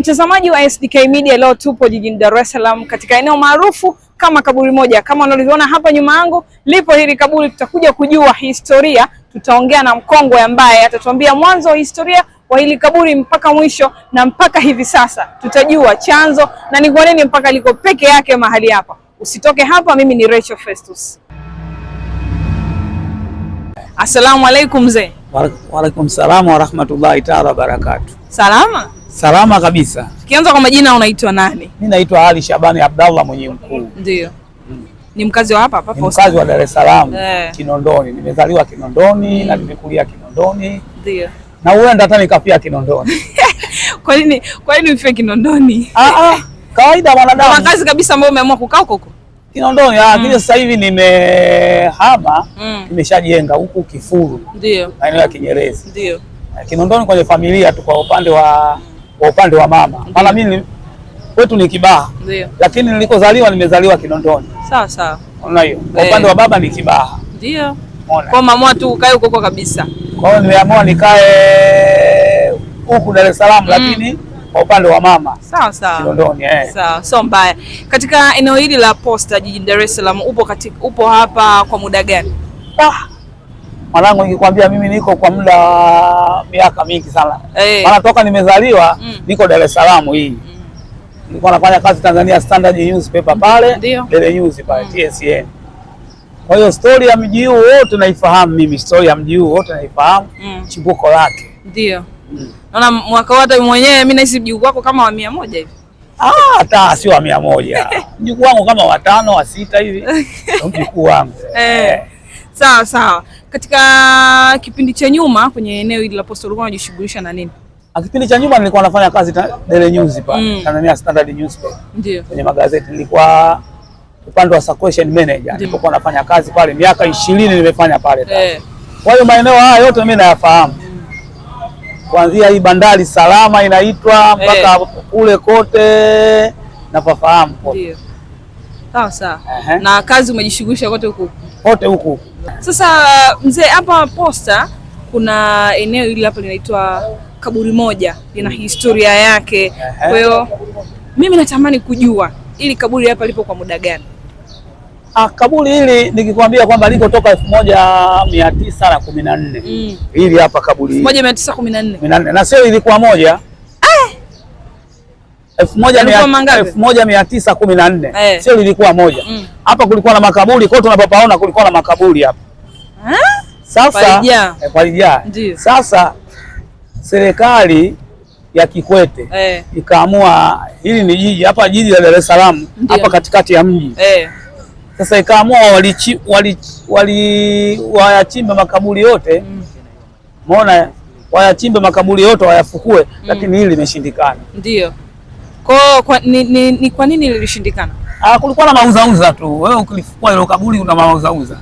Mtazamaji wa SDK Media, leo tupo jijini Dar es Salaam katika eneo maarufu kama kaburi moja. Kama unaliona hapa nyuma yangu lipo hili kaburi. Tutakuja kujua historia, tutaongea na mkongwe ambaye atatuambia mwanzo wa historia wa hili kaburi mpaka mwisho, na mpaka hivi sasa tutajua chanzo na ni kwa nini mpaka liko peke yake mahali hapa. Usitoke hapa, mimi ni Rachel Festus. Asalamu alaikum mzee. Waalaikum salaam rahmatullahi taala wabarakatu. Salama Salama kabisa. Kianza kwa majina, unaitwa nani? Mimi naitwa Ali Shabani Abdallah mwenye mkuu. Ndio. Hmm. Ni mkazi wa hapa hapa Posta. mkazi wa Dar es Salaam, yeah. Kinondoni. Nimezaliwa Kinondoni mm. na nimekulia Kinondoni. Ndio. Na huenda hata nikafia Kinondoni. Kwa nini kwa nini ufike Kinondoni? Ah ah, kawaida wanadamu. Makazi kabisa ambayo umeamua kukaa huko. Kinondoni ah, lakini mm. Sasa hivi nimehama mm. nimeshajenga huku Kifuru. Ndio. Maeneo ya Kinyerezi. Ndio. Eh, Kinondoni kwenye familia tu kwa upande wa kwa upande wa mama, maana mimi kwetu ni Kibaha, lakini nilikozaliwa nimezaliwa Kinondoni. Sawa sawa, unaona hiyo. Kwa eh. upande wa baba ni Kibaha, ndio kwa mama tu ukae huko huko kabisa. Kwa hiyo nimeamua nikae huku Dar es Salaam, mm. lakini kwa upande wa mama sawa sawa, Kinondoni eh. Sawa, sio mbaya. Katika eneo hili la Posta jijini Dar es Salaam upo katika, upo hapa kwa muda gani? ah mwanangu, nikikwambia mimi niko kwa muda wa miaka mingi sana hey. Eh. Maana toka nimezaliwa mm. niko Dar es Salaam hii mm. nilikuwa nafanya kazi Tanzania Standard Newspaper pale Daily News pale mm. TSN. Kwa hiyo story ya mji huu wote naifahamu mimi, story ya mji huu wote naifahamu mm. chimbuko lake ndio mm. Naona mwaka wote mwenyewe mimi nahisi mjukuu wako kama wa 100 hivi Ah, hata sio wa mia moja mjukuu wangu kama watano wa sita hivi mjukuu wangu eh. Sawa sawa. Katika kipindi cha nyuma kwenye eneo hili la posta ulikuwa unajishughulisha na nini? Ah, kipindi cha nyuma nilikuwa nafanya kazi Daily News pale, mm. Tanzania Standard Newspaper. Ndio. Kwenye magazeti nilikuwa upande wa circulation manager. Nilikuwa nafanya kazi pale miaka ishirini nimefanya pale. Eh. Kwa hiyo maeneo haya yote mimi nayafahamu. Kuanzia hii bandari salama inaitwa mpaka eh. kule kote nafahamu. Ndio. Sawa sawa. Na kazi umejishughulisha kote huku? Kote huku. Sasa mzee, hapa Posta kuna eneo hili hapa linaitwa kaburi moja, lina historia yake. Kwa hiyo mimi natamani kujua ili kaburi hapa lipo kwa muda gani? Ah, kaburi hili nikikwambia kwamba liko toka elfu moja mia tisa na kumi na nne mm. hili hapa kaburi hili. Elfu moja mia tisa kumi na nne na sio ilikuwa moja elfu moja mia tisa kumi na nne eh. Sio lilikuwa moja mm. hapa mm. Kulikuwa na makaburi kote unapopaona kulikuwa na makaburi hapa sasa palijaa eh, sasa serikali ya Kikwete eh. Ikaamua hili ni jiji hapa jiji la Dar es Salaam hapa katikati ya mji eh. Sasa ikaamua waliwayachimbe wali, makaburi yote maona mm. Wayachimbe makaburi yote wayafukue mm. Lakini hili limeshindikana ndio. Kwa, kwa, ni, ni, ni kwa nini lilishindikana? Ah, kulikuwa na mauzauza tu. Wewe ukilifukua ile kaburi una mauzauza.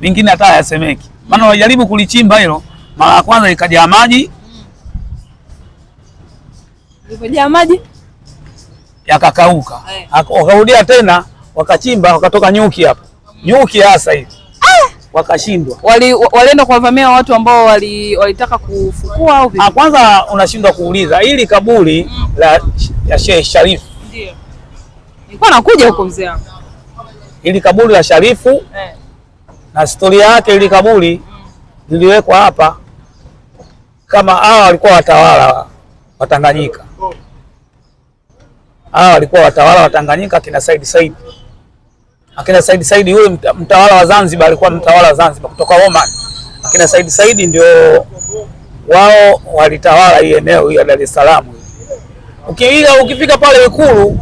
Mingine hata hayasemeki. Maana wajaribu kulichimba hilo, mara ya kwanza ikajaa maji. Ilipojaa maji yakakauka. Eh. Wakarudia tena wakachimba wakatoka nyuki hapo. Nyuki hasa hivi. Ah! Wakashindwa. Wali, walienda kuwavamia watu ambao walitaka wali kufukua au vipi? Ah, kwanza unashindwa kuuliza ili kaburi mm. la ya Sheikh Sharifu. Ndio. Nilikuwa nakuja huko mzee wangu. Ili kaburi la Sharifu eh, na historia yake ili kaburi liliwekwa mm, hapa kama hawa walikuwa watawala wa Tanganyika. Hawa walikuwa watawala wa Tanganyika akina Said Said. Akina Said Said yule mtawala wa Zanzibar alikuwa mtawala wa Zanzibar kutoka Oman. Akina Said Said ndio wao walitawala hii eneo ya Dar es Salaam. Ukiingia ukifika pale Ikulu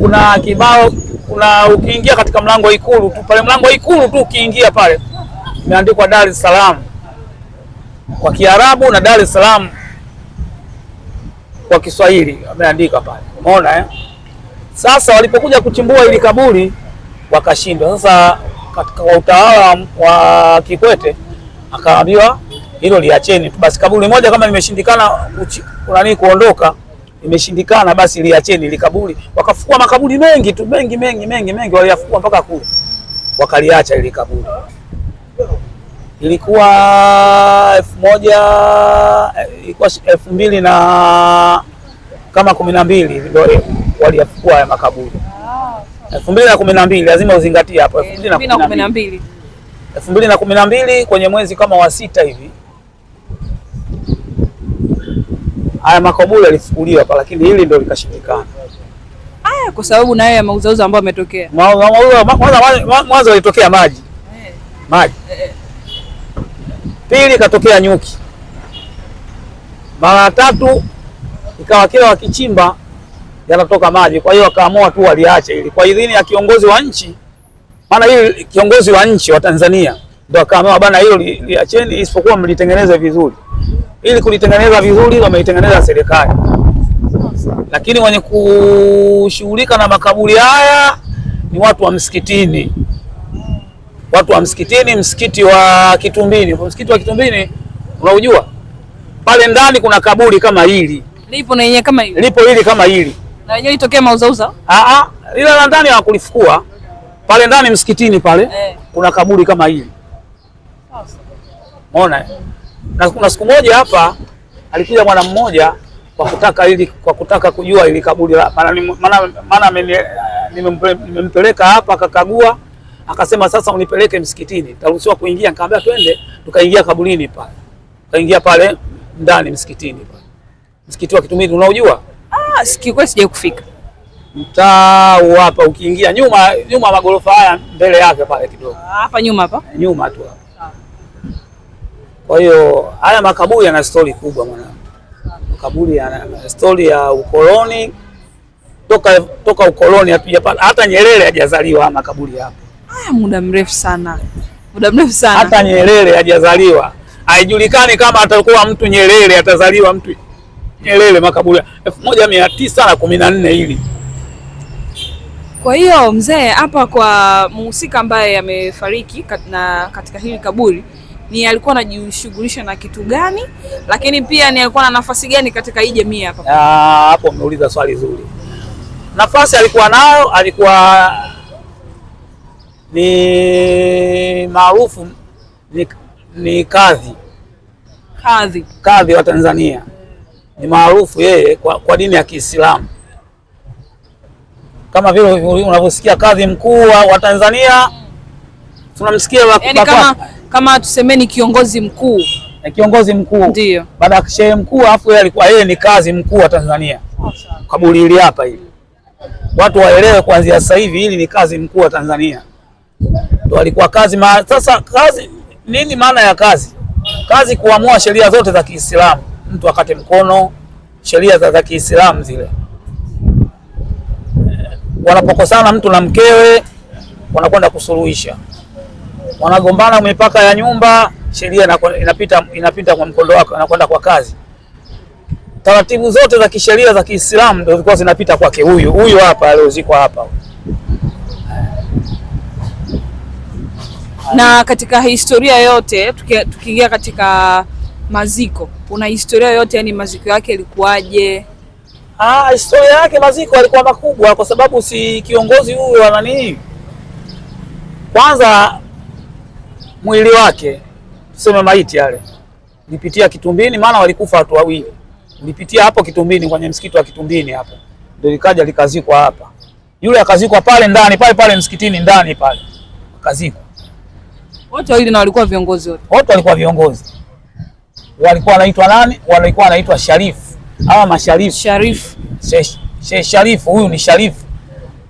kuna kibao, kuna ukiingia katika mlango wa Ikulu tu pale, mlango wa Ikulu tu ukiingia pale imeandikwa Dar es Salaam kwa Kiarabu na Dar es Salaam kwa Kiswahili ameandika pale, umeona eh? Sasa walipokuja kuchimbua ili kaburi wakashindwa. Sasa katika utawala wa Kikwete akaambiwa hilo liacheni tu basi, kaburi moja kama limeshindikana nini kuondoka imeshindikana, basi liacheni likaburi. Wakafukua makaburi mengi tu mengi mengi mengi mengi, waliyafukua mpaka kule wakaliacha ile kaburi. Ilikuwa elfu moja ilikuwa elfu mbili na kama kumi na mbili ndio waliyafukua ya makaburi elfu mbili na kumi na mbili lazima uzingatie hapo, elfu mbili na kumi na mbili kwenye mwezi kama wa sita hivi haya makaburi yalifukuliwa hapa, lakini hili ndio likashindikana. Haya kwa sababu na yeye mauzauza ambayo ametokea mwanzo, walitokea maji eh. maji, eh, eh. pili katokea nyuki, mara tatu ikawa kila wakichimba yanatoka maji. Kwa hiyo wakaamua tu waliache ili kwa idhini ya kiongozi wa nchi, maana hili kiongozi wa nchi wa Tanzania ndio akaamua bana, hilo liacheni, isipokuwa mlitengeneze vizuri ili kulitengeneza vizuri wameitengeneza serikali, lakini wenye kushughulika na makaburi haya ni watu wa msikitini, watu wa msikitini, msikiti wa Kitumbini. Msikiti wa Kitumbini unaujua? Pale ndani kuna kaburi kama hili lipo na yenyewe kama hili lipo hili kama hili na yenyewe litokea mauzauza. Ah, lile la ndani hawakulifukua pale ndani msikitini pale eh, kuna kaburi kama hili, umeona? Na kuna siku moja hapa alikuja mwana mmoja kwa kutaka ili kwa kutaka kujua ili kaburi maana maana nimempeleka hapa akakagua, akasema sasa unipeleke msikitini, taruhusiwa kuingia? Nikamwambia twende, tukaingia kaburini pale, tukaingia pale ndani msikitini pale. Msikiti wa Kitumii unaojua? Ah, sikikuwa sija kufika mtaa hapa, ukiingia nyuma nyuma magorofa haya mbele yake pale kidogo, ah, hapa nyuma hapa nyuma tu hapa kwa hiyo haya makaburi yana stori kubwa mwanangu. Makaburi yana stori ya ukoloni toka toka ukoloni hatujapata hata Nyerere hajazaliwa haya makaburi hapo. Haya muda mrefu sana. Muda mrefu sana. Hata Nyerere hajazaliwa. Haijulikani kama atakuwa mtu Nyerere atazaliwa mtu Nyerere makaburi elfu moja mia tisa na kumi na nne hili. Kwa hiyo mzee, hapa kwa mhusika ambaye amefariki na katika hili kaburi ni alikuwa anajishughulisha na kitu gani, lakini pia ni alikuwa na nafasi gani katika hii jamii hapa? Ah, hapo umeuliza swali zuri. Nafasi alikuwa nayo, alikuwa ni maarufu ni, ni kadhi kadhi kadhi wa Tanzania ni maarufu yeye kwa, kwa dini ya Kiislamu kama vile unavyosikia kadhi mkuu wa Tanzania tunamsikia, yani kama kama tusemeni kiongozi mkuu e, kiongozi mkuu ndio baada ya shehe mkuu, afu yeye alikuwa yeye ni kazi mkuu wa Tanzania. Kaburi hili hapa hili, watu waelewe kuanzia sasa hivi, hili ni kazi mkuu wa Tanzania, ndio alikuwa kazi ma... Sasa kazi nini? Maana ya kazi, kazi kuamua sheria zote za Kiislamu, mtu akate mkono, sheria za Kiislamu zile eh, wanapokosana mtu na mkewe wanakwenda kusuluhisha wanagombana mipaka ya nyumba, sheria inapita, inapita kwa mkondo wake, anakwenda kwa kazi. Taratibu zote za kisheria za Kiislamu ndio zilikuwa zinapita kwake huyu huyu hapa aliozikwa hapa. Na katika historia yote tukiingia katika maziko, kuna historia yote, yani maziko yake yalikuwaje? Ah, historia yake maziko alikuwa makubwa, kwa sababu si kiongozi huyu wa nani kwanza mwili wake, tuseme maiti yale, nilipitia Kitumbini, maana walikufa watu wawili. Nilipitia hapo Kitumbini kwenye msikiti wa Kitumbini hapo ndio likaja likazikwa hapa. Yule akazikwa pale ndani pale pale msikitini ndani pale akazikwa. Wote wawili na walikuwa viongozi wote. Wote walikuwa viongozi. Walikuwa wanaitwa nani? Walikuwa wanaitwa Sharifu ama Masharifu. Sharifu. Sharifu, huyu ni Sharifu.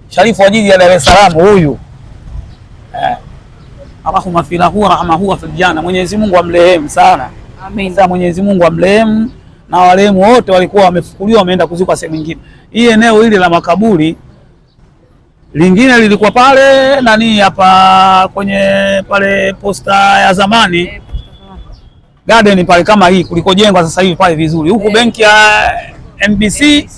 Sharifu wa jiji la Dar es Salaam huyu. Allahumma filahu rahmahu fil janna, Mwenyezi Mungu amrehemu sana. Amin. Sasa Mwenyezi Mungu amrehemu na warehemu wote walikuwa wamefukuliwa wameenda kuzikwa sehemu nyingine. Hii eneo hili la makaburi lingine lilikuwa pale nani hapa kwenye pale posta ya zamani eh, garden pale kama hii kulikojengwa sasa hivi pale vizuri huku, hey. Eh. Benki ya MBC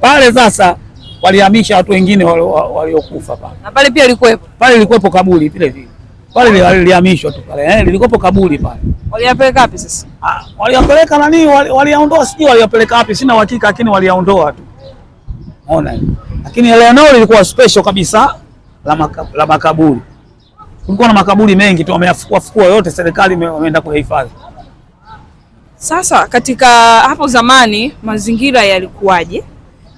Pale sasa walihamisha watu wengine waliokufa pale. Na pale pia likuwepo, Pale likuwepo kaburi vile vile. Pale liamishwa tu pale. Eh, lilikopo kaburi pale. Waliyapeleka wapi sasa? Ah, waliyapeleka nani? Waliyaondoa sijui waliyapeleka wapi, sina uhakika lakini waliyaondoa tu. Unaona? Lakini ile eneo lilikuwa special kabisa la maka, la makaburi. Kulikuwa na makaburi mengi tu wameyafukua fukua yote, serikali imeenda kuyahifadhi. Sasa katika hapo zamani mazingira yalikuwaje?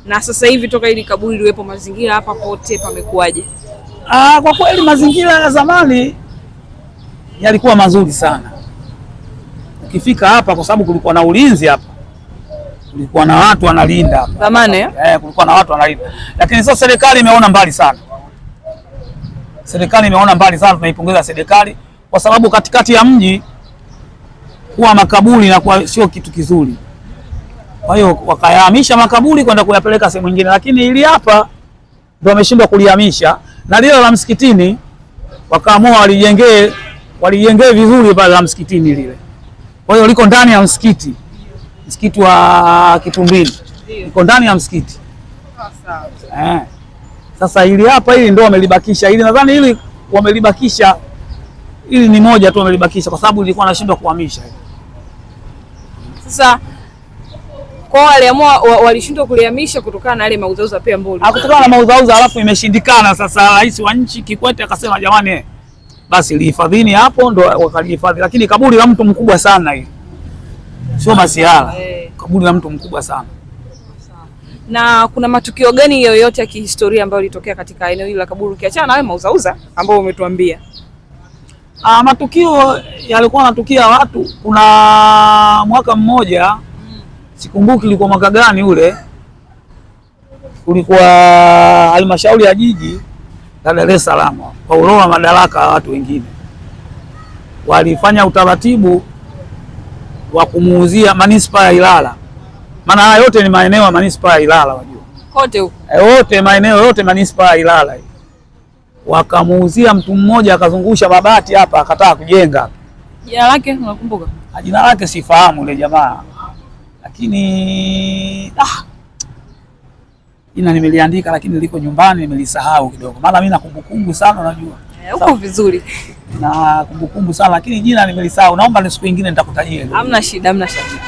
Na sasa hivi toka ili kaburi liwepo mazingira hapa pote pamekuwaje? Ah, kwa kweli mazingira ya zamani Yaani yalikuwa mazuri sana. Ukifika hapa, kwa sababu kulikuwa na ulinzi hapa, kulikuwa na watu wanalinda hapa zamani eh? eh, kulikuwa na watu wanalinda, lakini sasa serikali imeona mbali sana. Serikali imeona mbali sana, tunaipongeza serikali kwa sababu katikati ya mji kuwa makaburi na kuwa sio kitu kizuri. Kwa hiyo wakayahamisha makaburi kwenda kuyapeleka sehemu nyingine, lakini ili hapa ndio wameshindwa kulihamisha, na lile la msikitini wakaamua walijengee walijengea vizuri pale la msikitini lile. Kwa hiyo liko ndani ya msikiti, msikiti wa Kitumbili liko ndani ya msikiti eh. Sasa hili hapa hili ndio wamelibakisha hili, nadhani hili wamelibakisha hili ni moja tu wamelibakisha, kwa sababu lilikuwa nashindwa kuhamisha. Sasa wale ambao walishindwa kulihamisha kutokana na ile mauzauza, pia mbona ah, kutokana na mauzauza, alafu imeshindikana. Sasa rais wa nchi Kikwete akasema jamani basi lihifadhini hapo, ndo wakalihifadhi. Lakini kaburi la mtu mkubwa sana hili, sio ah, masiala, eh. kaburi la mtu mkubwa sana. Na kuna matukio gani yoyote ya kihistoria ambayo ilitokea katika eneo hili la kaburi, ukiachana na wewe mauzauza ambao umetuambia? Ah, matukio yalikuwa yanatukia watu. Kuna mwaka mmoja hmm. sikumbuki ilikuwa mwaka gani ule, kulikuwa halmashauri ya jiji la Dar es Salaam kwa uroa madaraka ya watu wengine, walifanya utaratibu wa kumuuzia manispaa ya Ilala, maana haya yote ni maeneo ya manispaa ya Ilala, wajua kote huko eh, wote maeneo yote manispaa ya Ilala, wakamuuzia mtu mmoja, akazungusha mabati hapa, akataka kujenga. Jina lake unakumbuka? Ah, jina lake sifahamu ile jamaa, lakini ah jina nimeliandika, lakini liko nyumbani nimelisahau kidogo, maana mimi na kumbukumbu sana, unajua eh, huko vizuri na kumbukumbu sana, lakini jina nimelisahau. Naomba ni siku nyingine nitakutajia. Hamna shida, hamna shida.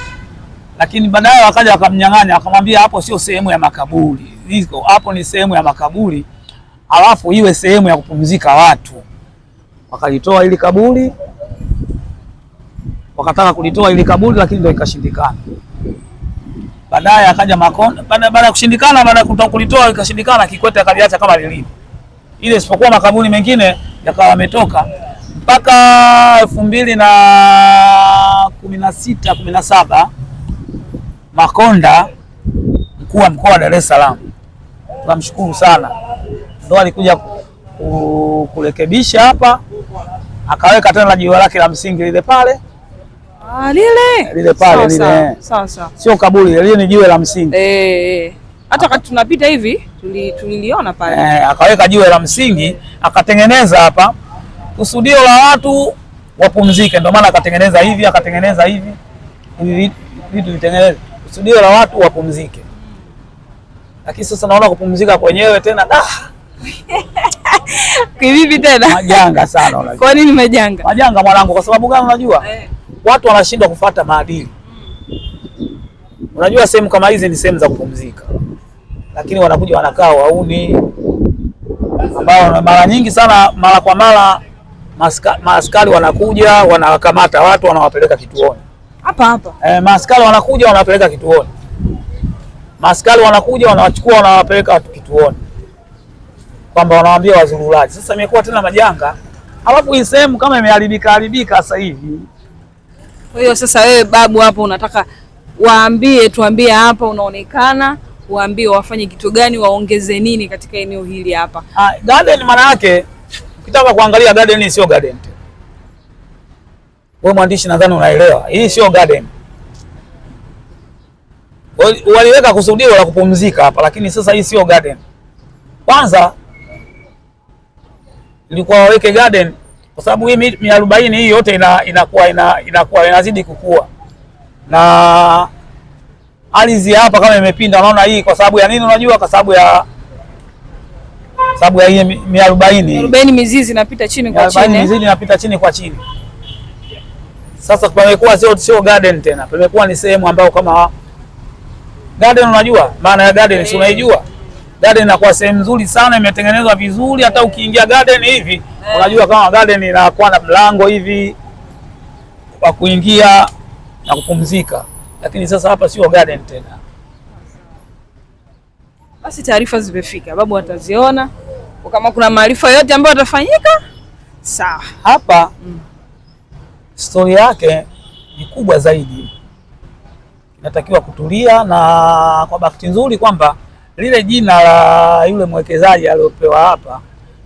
Lakini baadaye wakaja wakamnyang'anya, wakamwambia hapo sio sehemu ya makaburi, hizo hapo ni sehemu ya makaburi, alafu iwe sehemu ya kupumzika watu. Wakalitoa ili kaburi, wakataka kulitoa ili kaburi, lakini ndio ikashindikana. Baadaye akaja Makonda, baada ya kushindikana, baada ya kulitoa ikashindikana, Kikwete akaliacha kama lilivyo ile, isipokuwa makabuni mengine yakawa yametoka mpaka elfu mbili na kumi na sita kumi na saba Makonda mkuu wa mkoa wa Dar es Salaam, tunamshukuru sana, ndo alikuja kurekebisha hapa, akaweka tena la jiwe lake la msingi lile pale Ah, lile lile pale lile. Sawa sawa. Sio kaburi lile, ni jiwe la msingi. Eh. eh. Hata wakati tunapita hivi tuliliona pale. Eh, akaweka jiwe la msingi, akatengeneza hapa kusudio la watu wapumzike, ndio maana akatengeneza hivi, akatengeneza hivi. Hivi vitu vitengeneze kusudio la watu wapumzike. Lakini sasa naona kupumzika kwenyewe tena da. Kivipi tena? Majanga sana unajua. Kwa nini majanga? Majanga mwanangu, kwa sababu gani unajua? Eh watu wanashindwa kufuata maadili. Unajua, sehemu kama hizi ni sehemu za kupumzika, lakini wanakuja wanakaa wauni, ambao mara nyingi sana, mara kwa mara maaskari wanakuja wanawakamata watu wanawapeleka kituoni hapa hapa. E, maaskari wanakuja wanawapeleka kituoni, maaskari wanakuja wanawachukua wanawapeleka watu kituoni, kwamba wanawaambia wazurulaji. Sasa imekuwa tena majanga, alafu hii sehemu kama imeharibika haribika sasa hivi. Kwa hiyo sasa wewe babu hapo unataka waambie, tuambie hapa unaonekana, waambie wafanye kitu gani, waongeze nini katika eneo hili hapa. Ah, garden maana yake ukitaka kuangalia garden sio garden. Wewe mwandishi nadhani unaelewa. Hii sio garden. Waliweka kusudio la kupumzika hapa lakini sasa hii sio garden. Kwanza ilikuwa waweke garden kwa sababu hii miarobaini hii yote ina, inakuwa ina, inazidi kukua na ardhi hapa kama imepinda, unaona hii kwa sababu ya nini? Unajua, kwa sababu ya sababu ya hii miarobaini mizizi inapita chini kwa chini, eh? mizizi inapita chini kwa chini. Sasa pamekuwa sio sio garden tena, pamekuwa ni sehemu ambayo kama garden. Unajua maana ya garden, si unaijua? garden inakuwa sehemu nzuri sana, imetengenezwa vizuri. Hata ukiingia garden hivi, eh. unajua kama garden inakuwa na mlango hivi wa kuingia na kupumzika, lakini sasa hapa sio garden tena. Basi taarifa zimefika, babu ataziona kama kuna maarifa yote ambayo atafanyika Sawa, hapa mm. Stori yake ni kubwa zaidi, inatakiwa kutulia, na kwa bahati nzuri kwamba lile jina la yule mwekezaji aliyopewa hapa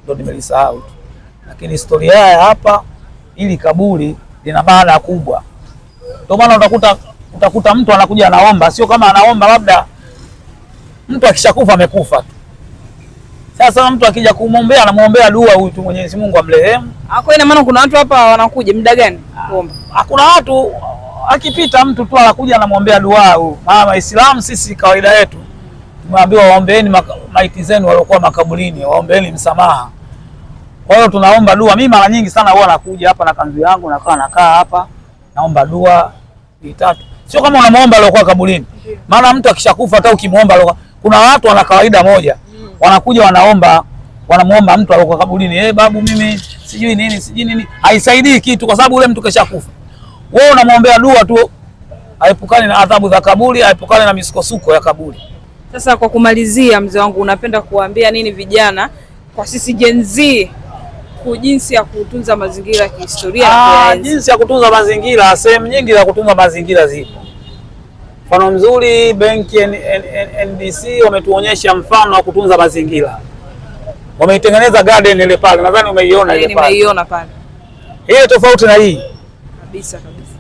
ndo nimelisahau tu, lakini historia ya hapa ili kaburi lina maana kubwa. Ndio maana utakuta utakuta mtu anakuja anaomba, sio kama anaomba labda mtu akishakufa amekufa tu. Sasa mtu akija kumwombea anamwombea dua huyu tu, Mwenyezi Mungu amrehemu. Hako ah, ina maana kuna watu hapa wanakuja muda gani kuomba? Hakuna watu, akipita mtu tu anakuja anamwombea dua huyu. Mama Islam sisi kawaida yetu tumeambiwa waombeeni maiti zenu waliokuwa makaburini, waombeeni msamaha. Kwa hiyo tunaomba dua. Mimi mara nyingi sana huwa nakuja hapa na kanzu yangu nakaa nakaa hapa naomba dua itatu, sio kama unamuomba aliokuwa kaburini. Maana mtu akishakufa hata ukimuomba aliokuwa, kuna watu wana kawaida moja, wanakuja wanaomba, wanamuomba mtu aliokuwa kaburini, eh, babu mimi sijui nini sijui nini, haisaidii kitu, kwa sababu ule mtu keshakufa. Wewe unamwombea dua tu, aepukane na adhabu za kaburi, aepukane na misukosuko ya kaburi. Sasa kwa kumalizia, mzee wangu, unapenda kuambia nini vijana, kwa sisi Gen Z, jinsi ya kutunza mazingira ya kihistoria? Ah, jinsi ya kutunza mazingira, sehemu nyingi za kutunza mazingira zipo. Mfano mzuri benki NDC wametuonyesha mfano wa kutunza mazingira, wameitengeneza garden ile pale, nadhani umeiona ile yaani pale. Nimeiona pale, hiyo tofauti na hii kabisa kabisa.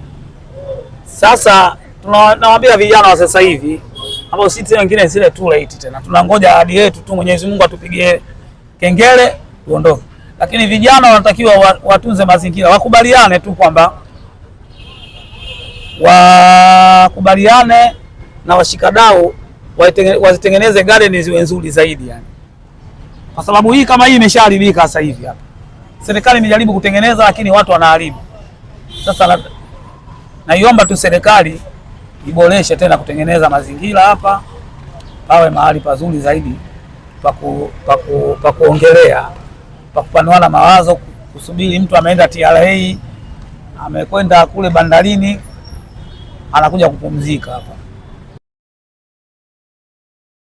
Sasa tunawaambia vijana wa sasa hivi ambao sisi wengine zile tu late tena, tunangoja ahadi yetu tu, Mwenyezi Mungu atupigie kengele tuondoke. Lakini vijana wanatakiwa watunze mazingira, wakubaliane tu kwamba wakubaliane na washikadau wazitengeneze garden ziwe nzuri zaidi yani. Kwa sababu hii kama hii imeshaharibika sasa hivi hapa. Serikali imejaribu kutengeneza lakini watu wanaharibu. Sasa naiomba tu serikali iboreshe tena kutengeneza mazingira hapa pawe mahali pazuri zaidi pa kuongelea pa pakupanuana mawazo, kusubiri mtu ameenda TRA amekwenda kule bandarini anakuja kupumzika hapa.